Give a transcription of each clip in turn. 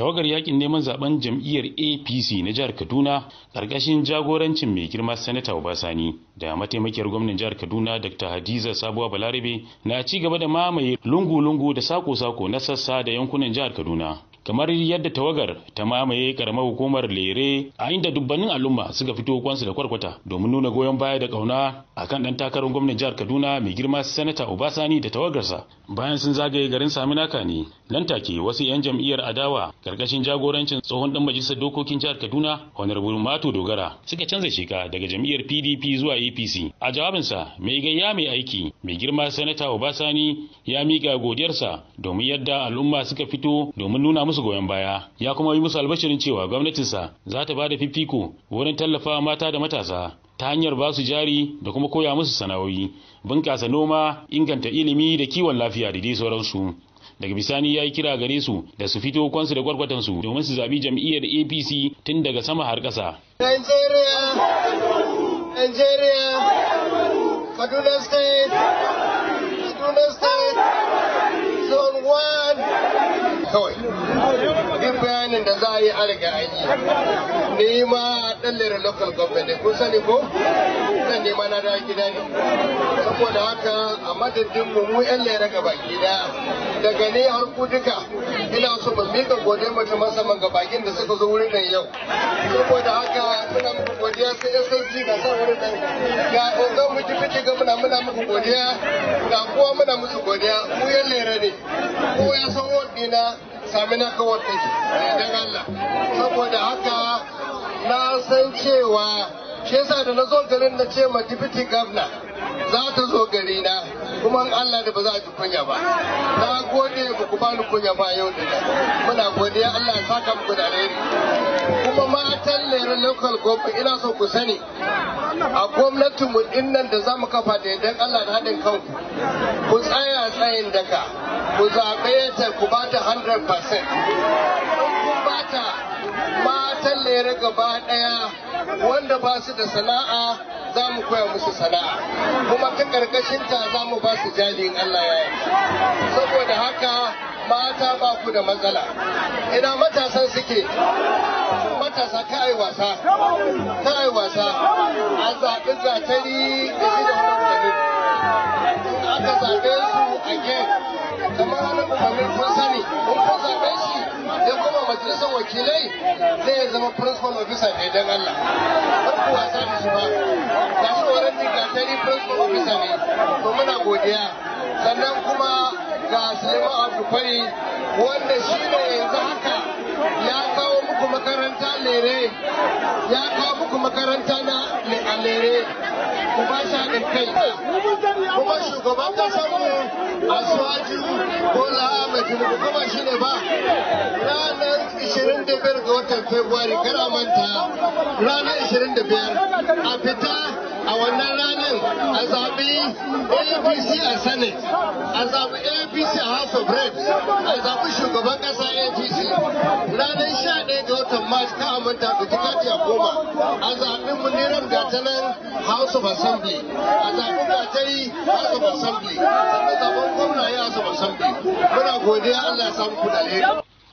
tawagar yakin neman zaben jam'iyyar apc na jihar kaduna ƙarƙashin jagorancin mai girma sanata obasani da mataimakiyar gwamnan jihar kaduna dr hadiza sabuwa balarabe na ci gaba da mamaye lungu-lungu da sako-sako na sassa da yankunan jihar kaduna kamar yadda tawagar ta mamaye karamar hukumar lere a inda dubbanin al'umma suka fito kwansu da kwarkwata domin nuna goyon baya da kauna kan ɗan takarar gwamnan jihar kaduna mai girma sanata obasani da tawagarsa bayan sun zagaye garin saminaka ne nan take wasu 'yan jam'iyyar adawa karkashin jagorancin tsohon dan majalisar dokokin jihar kaduna honorable mato dogara suka canza sheka daga jam'iyyar pdp zuwa apc a jawabinsa mai gayya mai aiki mai girma sanata obasani ya miƙa godiyarsa domin yadda al'umma suka fito domin nuna musu musu goyon baya ya kuma yi musu albashirin cewa gwamnatinsa za ta ba da fifiko wurin tallafa mata da matasa ta hanyar ba su jari da kuma koya musu sana'o'i bunƙasa noma inganta ilimi da kiwon lafiya da dai sauransu daga bisani ya yi kira gare su da su fito kwansu da gwargwatansu domin su zaɓi jam'iyyar apc tun daga sama har ƙasa Kaduna State, Kaduna State, Zone 1. duk bayanin da za a yi arga an yi ni ma dan local government kun sani ko zan nema na da gida ne saboda haka a madadin mu mu yan lera ga baki da daga ne har ku duka ina so mu mika gode mata ta ga bakin da suka zo wurin nan yau saboda haka muna muku godiya sai SSG ga sa wurin nan ga ogan mu dipiti ga muna muna muku godiya ga kowa muna musu godiya mu yan lera ne kowa ya san wadina samina kawar take idan Allah saboda haka na san cewa shi yasa da na zo garin na ce ma deputy governor za ta zo gari na kuma Allah da ba za a ji kunya ba na gode ba ku bani kunya ba yau da muna godiya Allah ya saka muku da alheri kuma matan lere local government ina so ku sani a gwamnati mu dinnan da zamu kafa da idan Allah da hadin kanku ku tsaya tsayin daka ku zabe ta ku ba ta 100% ku ba ta matan lere gaba daya wanda ba su da sana'a za mu koya musu sana'a kuma ta karkashin ta za mu ba su jali in Allah ya saboda haka mata ba ku da matsala ina matasan suke matasa ka ai wasa ka ai wasa a zaɓi zatari da shi da wani aka zaɓe su a gen kamar wani umarnin sani kun majalisar wakilai zai zama principal officer ne don Allah ku wasa da shi ba ga shi wurin digatari principal officer ne to muna godiya sannan kuma ga Suleiman Abdulfari wanda shi ne yanzu haka ya kawo muku makaranta lere ya kawo muku makaranta na lere ku ba shi haɗin kai kuma shugaban ƙasar cewa jihu bola ahmed tinubu kuma shi ne ba ranar 25 ga watan february kada manta ranar 25 a fita a wannan as a zaɓi apc a senate a zaɓi apc house of reps a zaɓi shugaban ƙasa apc ranar sha go to watan march ka aminta da tikati a goma a zaɓi muniran gata nan house of assembly a zaɓi gata yi house of assembly as zaɓen gwamna house of assembly muna godiya allah ya samu kudade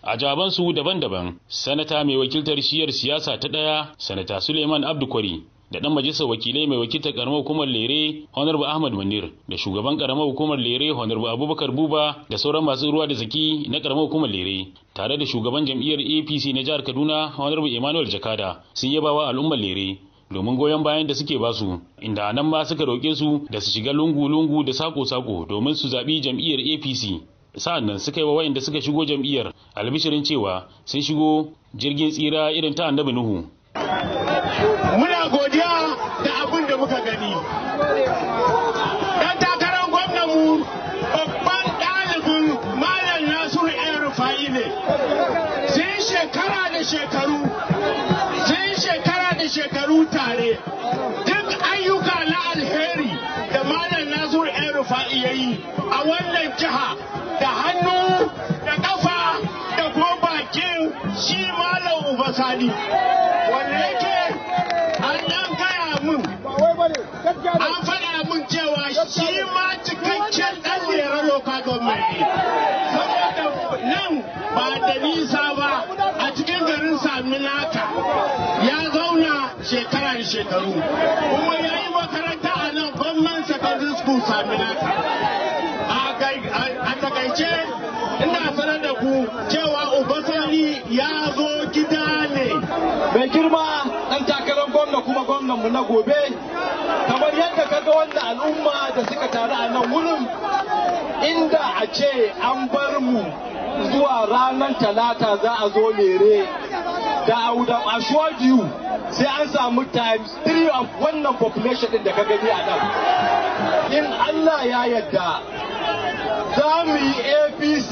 a jabansu daban-daban sanata mai wakiltar shiyar siyasa ta ɗaya sanata suleiman abdukwari da dan majalisar wakilai mai wakiltar karamar hukumar lere honorable ahmad munir da shugaban karamar hukumar lere honorable abubakar buba da sauran masu ruwa da zaki na karamar hukumar lere tare da shugaban jam'iyyar apc na jihar kaduna honorable emmanuel jakada sun yaba wa al'ummar lere domin goyon bayan da suke basu inda nan ma suka roƙe su da su shiga lungu-lungu da sako-sako domin su zaɓi jam'iyyar apc sa'annan suka yi wa da suka shigo jam'iyyar albishirin cewa sun shigo jirgin tsira irin ta annabi nuhu sun shekara da shekaru sun shekara da shekaru tare duk ayyuka na alheri da malam nazur yan rufa'i ya yi a wannan jiha da hannu da ƙafa da kuma bakin shi malam ubasani wanda yake an dan gaya mun an faɗa mun cewa shi ma isa ba a cikin garin saminaka ya zauna shekara shekaru kuma ya yi makaranta a nan gwamnan secondary school saminaka a takaice ina sanar da ku cewa ubasani ya zo gida ne mai girma dan takarar gwamna kuma mu na gobe kamar yadda kaga wannan al'umma da suka taru a nan wurin inda a ce an bar mu zuwa ranar talata za a zo mere da I sai an samu times three of wannan population din da ka gani a nan in Allah ya yadda za mu yi APC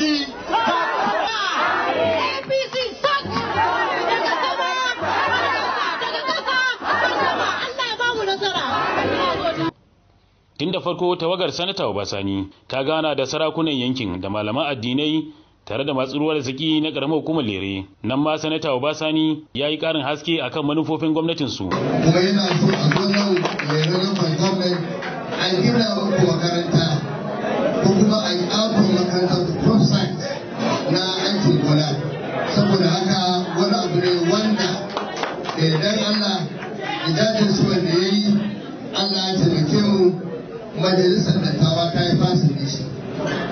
tun da farko tawagar sanata obasani ta gana da sarakunan yankin da malaman addinai tare da masu ruwa da tsaki na ƙaramar hukumar lere nan ma sanata obasani ya yi ƙarin haske a kan manufofin gwamnatinsu kuma yana so a gwamnan lere local government a gina muku makaranta ko kuma a yi akon makaranta crop science na aikin gona saboda haka wani abu ne wanda idan allah su wanda ya yi allah ya taimake mu yi shi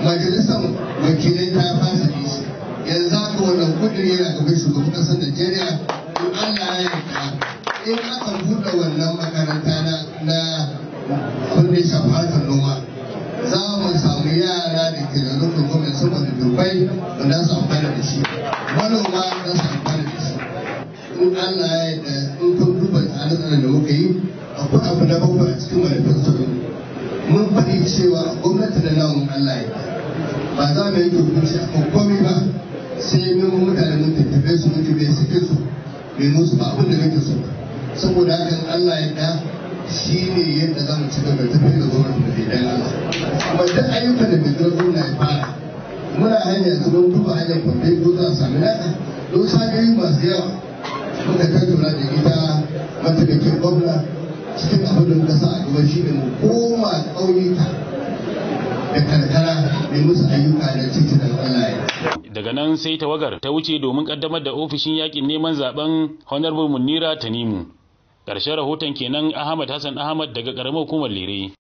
majalisar wakilai ta fasa yi shi yanzu haka wannan kudiri yana gaban shugaban kasar najeriya in allah ya yanka. in aka buɗe wannan makaranta na kundin kunne noma za mu samu yara da ke da rukun gwamnati saboda dubai da na samu amfana da shi manoma za su amfana da shi in allah ya yanka in kun duba tsarin da muka yi akwai abu na bakwai cikin cikin manifesto mun faɗi cewa gwamnati da namun Allah ya ba za mu yi tukunci a komai ba sai mun mutane mun tattafe su mun tafi suke su mai musu ba abin da muke so saboda hakan Allah ya da shi ne yadda za mu ci gaba tafi da gwamnati da Allah kuma duk ayyukan da mai gwamnati na fara muna hanyar su don duba hanyar kwamfe ko za a sami naka don sami masu yawa muka tattauna da ita mataimakin gwamna cikin abin da ka sa a gaba shi ne mu ko daga nan sai tawagar ta wuce domin ƙaddamar da ofishin yaƙin neman zaɓen honorable munira tanimu ƙarshen rahoton kenan ahmad hassan ahmad daga ƙaramar hukumar lere